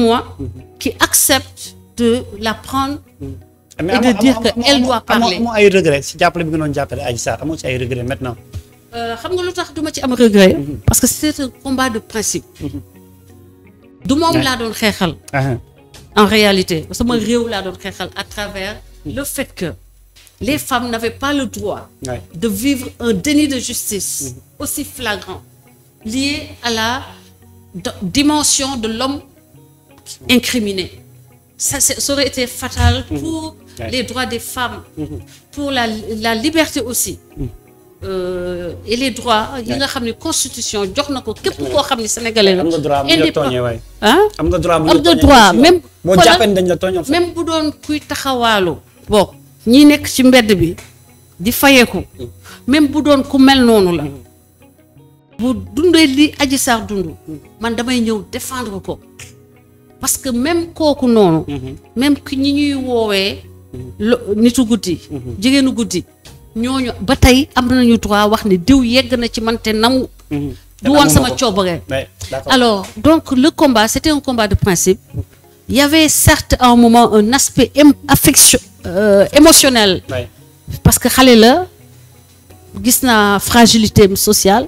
moi qui accepte de la prendre et de dire que elle doit parler si jàppale bi nga doon jàppale Adji Sarr amoo si ay regret maintenant euh, xam nga lu tax duma ci am regret mhm. parce que c'est un combat de principe mhm. du moom laa doon xeexal ah ah. en réalité sama réew laa doon xeexal à travers mhm. le fait que les femmes n'avaient pas le droit de vivre un déni de justice aussi flagrant lié à la dimension de l'homme incriminés. Ça, ça, aurait été fatal mmh. pour les droits des femmes, mmh. pour la, la, liberté aussi. Mmh. Euh, et les droits yi nga xam ne constitution jox na ko képp koo xam ne sénégalais la. am nga droit mu la tooñee waay. moo jàppee dañ la bu doon kuy taxawaalu. boog ñi nekk ci mbedd bi di fayeeku mmh. même bu doon ku mel noonu la. bu dundee li Adji Sarr dund. man damay ñëw défendre ko. parce que même kooku noonu. Mhm. même ki ñi ñuy woowee. nitu guddi. Mhm. jigéenu guddi. ñooñu ba tey am nañu droit wax ni diw yegg na ci mante te nangu. Mhm. du woon sama coobare. alors donc le combat c'était un combat de principe. il y avait certes un moment un aspect affection euh, émotionnel. parce que xale la gis naa fragilité sociale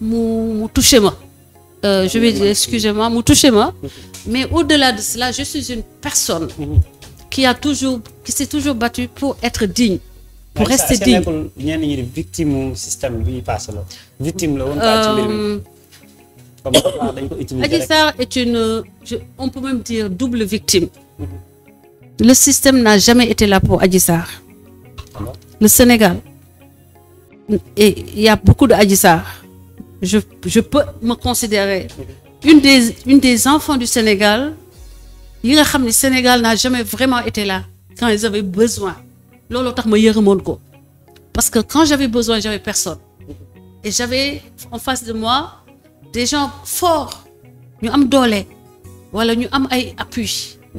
mu mu ma. euh, je vais dire, excusez-moi, mu touché mais au-delà de cela je suis une personne. qui a toujours qui s'est toujours battue pour être digne. pour mais rester digne ñenn ñi di victime système bi paase la. victime la woon euh, est une on peut même dire double victime. Mm-hmm. le système n'a jamais été là pour Adji ah le Sénégal et il y a beaucoup de Adji je, je peux me considérer une des, une des enfants du Sénégal. yi nga xam ne Sénégal n'a jamais vraiment été là quand ils avaient besoin looloo tax ma yërëmoon ko parce que quand j'avais besoin j'avais personne et j'avais en face de moi des gens forts ñu am doole wala ñu am ay appui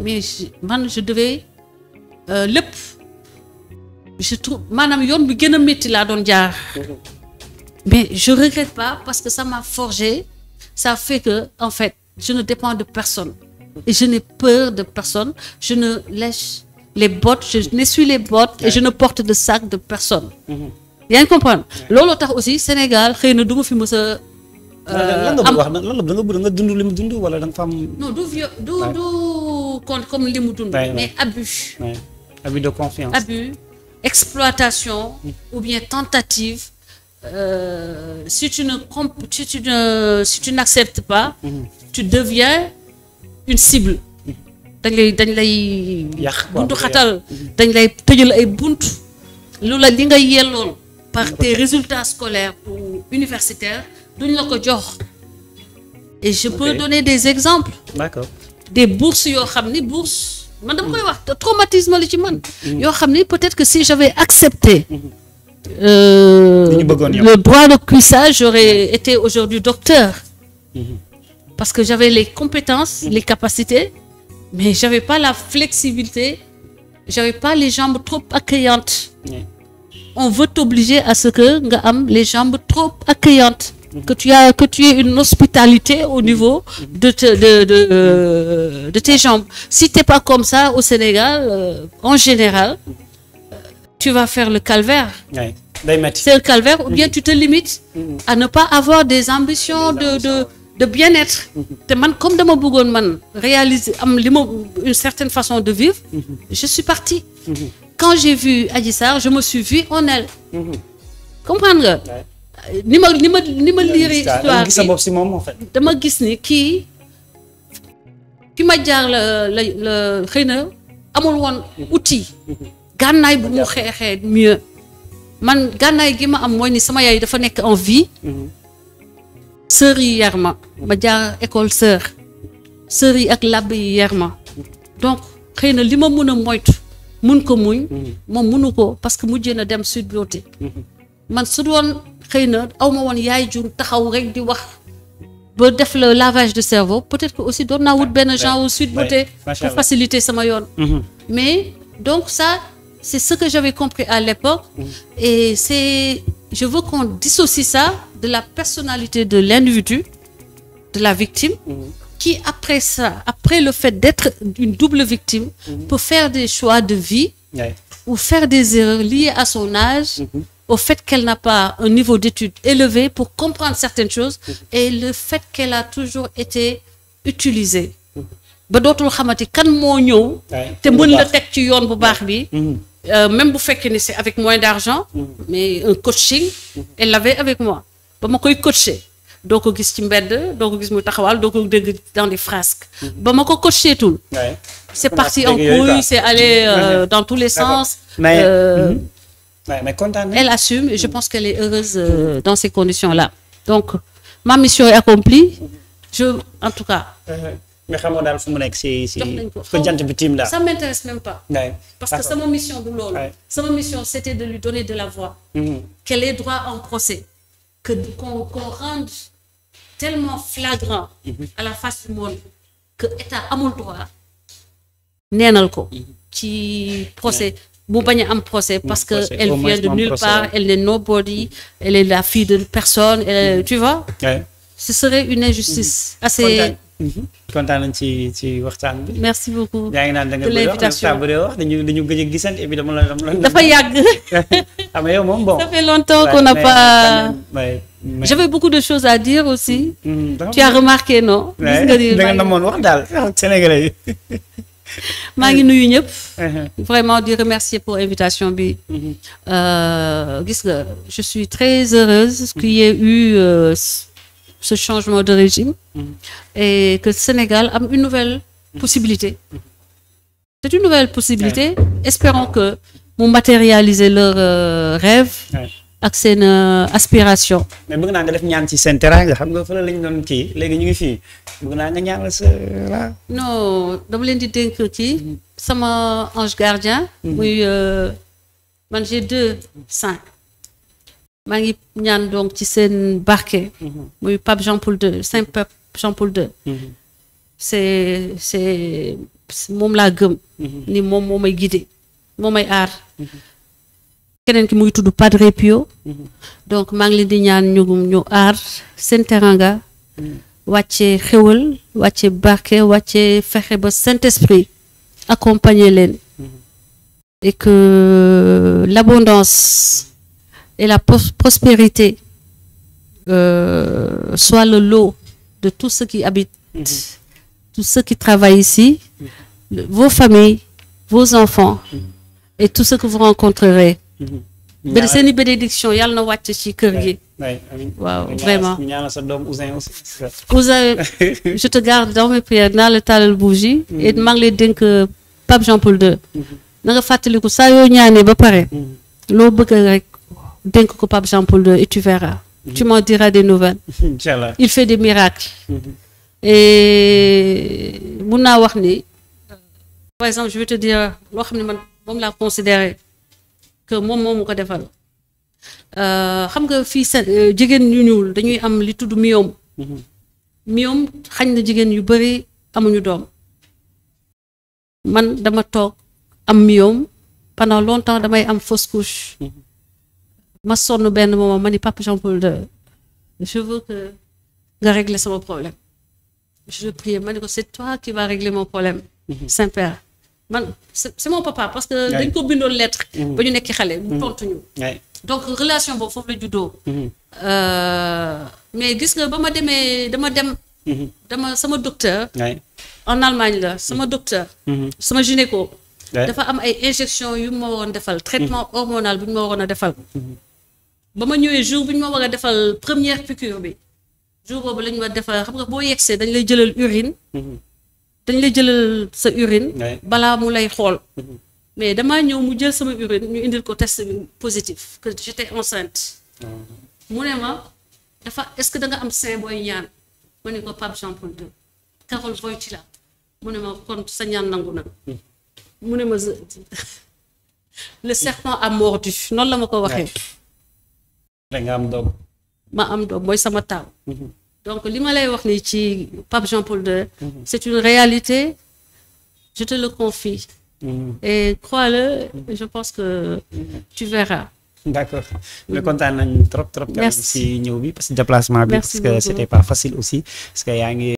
mais man je devais euh, lépp je trouve maanaam yoon bi gën a métti laa doon jaar mais je regrette pas parce que ça m'a ça fait que en fait je ne dépends de personne et je n'ai peur de personne je ne lèche les bottes je n'essuie les bottes et je ne porte de sac de personne mm-hmm. yaa ngi comprendre looloo tax aussi Sénégal xëy na du fi mës a euh, euh, wax lan la da nga bëgg nga dund li mu dund wala da nga am non comme li mu dund de confiance abus exploitation mm. ou bien tentative euh, si tu ne si tu ne si tu n'acceptes pas. Mhm. tu deviens une cible. dañ lay dañ lay. yàq buntu xatal dañ lay tëjal ay bunt lu la li nga yelloon par tes résultats scolaires ou universitaires duñ la ko jox. et je peux okay. donner des exemples. d'accord des bourses yoo xam ni bourse man dama mhm. koy wax traumatisme la ci man. Mhm. yoo xam ni peut-être que si j'avais accepté. Mm Euh, le droit de cuissage, j'aurais été aujourd'hui docteur. Mhm. Parce que j'avais les compétences, mhm. les capacités, mais j'avais pas la flexibilité, j'avais pas les jambes trop accueillantes. On veut t'obliger à ce que nga am les jambes trop accueillantes. Mhm. Que tu, as, que tu aies une hospitalité au niveau de, te, de, de, euh, de, tes jambes. Si tu n'es pas comme ça au Sénégal, euh, en général, tu vas le calvaire. Ouais. C'est le calvaire ou bien mm-hmm. tu te limites mm-hmm. à ne pas avoir des ambitions de de bien-être. Mm-hmm. te man comme dama bëggoon man réaliser am li une certaine façon de vivre. je suis partie. quand j'ai vu Adji je me suis vue en elle. comprendre ni ma ni ma ni ma moom dama gis ni kii fi ma jaar la la la xëy na amul outil. gànnaay bu mu xeexee mieux man gànnaay gi ma am mooy ni sama yaay dafa nekk en vie mhm. sœurs yi yar ma ma jaar école sœur sœurs yi ak làbb yi yar ma donc xëy na li ma mun a moytu mun ko muñ mhm. moom munu ko parce que mujjee na dem Sud Beauté mhm. man su doon xëy na aw ma woon yaay jur taxaw rek di wax ba def la lavage de servo peut-être que aussi doon naa wut benn genre Sud Beauté pour faciliter sama yoon mais donc ça C'est ce que j'avais compris à l'époque. Et c'est, je veux qu'on dissocie ça de la personnalité de l'individu, de la victime, qui après ça, après le fait d'être une double victime, peut faire des choix de vie ouais. ou faire des erreurs liées à son âge mhm. au fait qu'elle n'a pas un niveau d'études élevé pour comprendre certaines choses mhm. et le fait qu'elle a toujours été utilisée mhm. ba dootul xamati kan moo ñëw te mën la ci yoon bu baax bi Euh, même bu fekkee ni c'est avec moins d'argent mais un coaching elle l'avait avec moi ba ma koy coacher doo ko gis ci mbedd doo ko gis mu taxawal doo ko dégg dans des frasques ma ko coacher tul c'est parti en couille c'est allé euh, tous les sens mais, euh, mm-hmm. mais, elle assume et je mm-hmm. pense qu'elle est heureuse euh, dans ces conditions là donc ma mission accomplie je en tout cas euh, mais xamoo daal fu mu nekk si si. ko jant bi tiim daal ça m'intéresse même pas. parce que sama mission du loolu. sama mission c'était de lui donner de la voix. Mm-hmm. qu'elle ait droit à un procès. que qu'on qu'on rende tellement flagrant. Mm-hmm. à la face du monde. que état amul droit. neenal ko. Mm-hmm. ci procès. mu bañ a am procès parce que elle vient de nulle part elle n'est nobody elle est la fille de personne tu vois. ce serait une injustice assez. Mhm. kontaan nañ ci ci waxtaan bi. merci beaucoup yaa ngi naan da nga bëri wax bëri wax dañu dañu gëj a gisante et puis dafa yàgg. moom bon. ça fait longtemps qu'on n'a pas. J'avais beaucoup de choses à dire aussi. Mmh, tu as remarqué non. gis nga ni da nga wax daal ah, Sénégalais maa ngi nuyu ñëpp. Uh-huh. vraiment di remercier pour invitation bi. Mm-hmm. Euh, gis nga je suis très heureuse qu'il y ait eu. Euh, ce changement de régime mm-hmm. et que Sénégal am une nouvelle mm-hmm. possibilité mm-hmm. c'est une nouvelle possibilité espérons que mu matérialiser leur euh, rêve ak seen euh, aspiration mais bëgg naa nga def ñaan ci seen terrain nga xam nga fële lañ doon kii léegi ñu ngi fii naa nga ñaanal non dama leen di dénk sama ange gardien muy euh, deux cinq maa ngi ñaan donc ci seen barke mhm. muy pape Jean Paul II saint mhm. pape Jean Paul II mhm. c'est c'est moom laa gëm ni moom moo may guidé moo may aar keneen ki muy tudd Padre Pio donc maa ngi leen di ñaan ñu ñu aar seen teranga wàcce xéwal wàcce barke wàcce fexe ba Saint-Esprit accompagner leen et l'abondance et la prospérité euh, soit le lot de tous ceux qui habitent, mmh. tous qui travaillent ici, vos familles, vos enfants mmh. et tous ceux que vous rencontrerez. benn seeni bénédiction yàlla wàcc ci kër gi. waaw vraiment Ouzin je te garde dans mes prières naa la taalal bougie mm-hmm. et maa ngi lay dénk euh, Pape Jean Paul II. Mm-hmm. na nga fàttaliku saa yoo ñaanee ba pare. Mm-hmm. loo bëgg rek. dénk ko Pape Jean Paul II et tu verras. Mhm. tu m'en diras des nouvelles. inchallah il fait des miracles. Mhm. et mun naa wax ni. par exemple je loo xam ne man moom laa considéré que moom moom mu ko defal euh, xam nga fii euh, jigéen yu ñuul dañuy am li tudd myome. Mhm. myome xañ na jigéen yu bëri amuñu doom. man dama toog am myome pendant longtemps damay am fausse couche. ma sonn benn moment ma ni papa Jean Paul II je veux que nga régler sama problème je le priais ma ni ko c'est toi qui vas régler mon problème. Mhm. Saint-Père man c'est mon papa parce que. dañ ko bindoon lettre. Mhm. ba ñu nekk xale. mu mhm. tontu ñu. donc relation boobu foofu la juddoo. Euh, mais gis nga ba ma demee dama dem. dama sama docteur. en Allemagne la sama docteur. sama gynéco. dafa am ay injection yu ma waroon defal. traitement hormonal bu ñu ma waroon a defal. ba ma ñëwee jour bi ñu ma war a defal première piqûre bi jour boobu la ñu war defal xam nga boo yegsee dañ lay jëlal urine. Mhm. dañ lay jëlal sa urine. balaa mu lay xool. Mhm. mais damaa ñëw mu jël sama urine ñu indil ko test positif que j'étais enceinte. Mhm. mu ne ma dafa est-ce que da nga am sañ booy ñaan ma ne ko Pape Jean Paul II Karol Wojtyla mu ne ma kon sa ñaan nangu na mu ne ma le serpent a mordu noonu la ma ko waxee. nga am doom ma am doom mooy sama taaw mhm. donc li ma lay wax ni ci Pape jean de II mhm. c'est une réalité je te le confie mhm. et crois-le je pense que tu verras d'accord mais kontaan nañ trop trop. merci ci ñëw bi parce que déplacement bi. parce que c'était pas facile aussi parce que yaa ngi.